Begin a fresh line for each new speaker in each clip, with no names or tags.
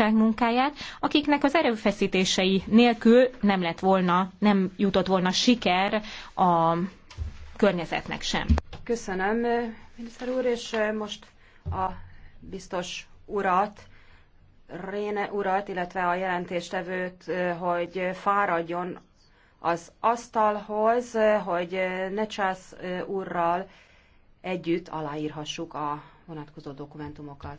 bizottság munkáját, akiknek az erőfeszítései nélkül nem lett volna, nem jutott volna siker a környezetnek sem. Köszönöm, miniszter úr, és eh, most a biztos urat, Réne urat, illetve a jelentéstevőt, eh, hogy fáradjon az asztalhoz, eh, hogy Necsász úrral együtt aláírhassuk a vonatkozó dokumentumokat.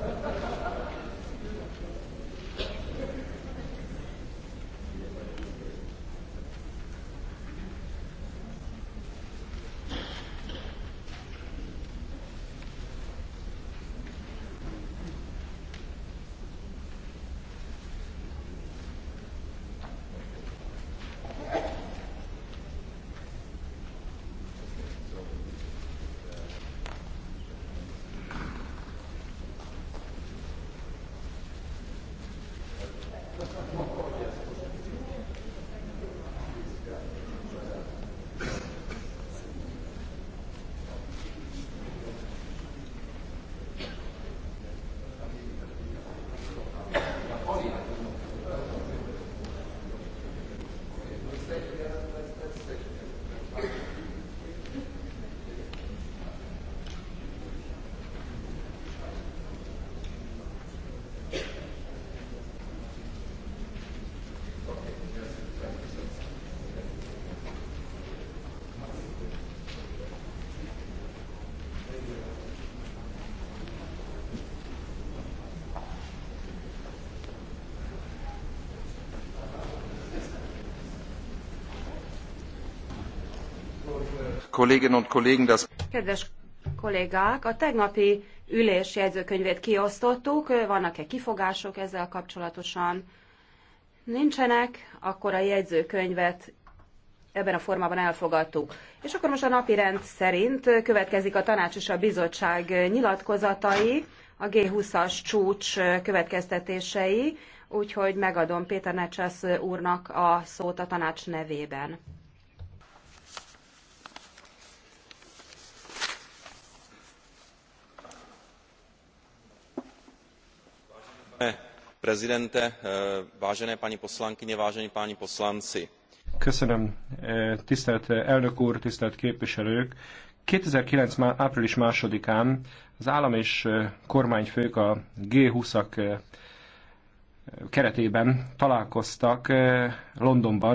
Kedves kollégák, a tegnapi ülés jegyzőkönyvét kiosztottuk. Vannak-e kifogások ezzel kapcsolatosan? Nincsenek, akkor a jegyzőkönyvet ebben a formában elfogadtuk. És akkor most a napi rend szerint következik a tanács és a bizottság nyilatkozatai, a G20-as csúcs következtetései, úgyhogy megadom Péter Necsász úrnak a szót a tanács nevében.
pane prezidente eh, vážené paní poslankyně vážení páni poslanci Köszönöm, eh, tisztelt eh, elnök úr, tisztelt képviselők! 2009. április másodikán az állam és kormányfők a G20-ak keretében találkoztak Londonban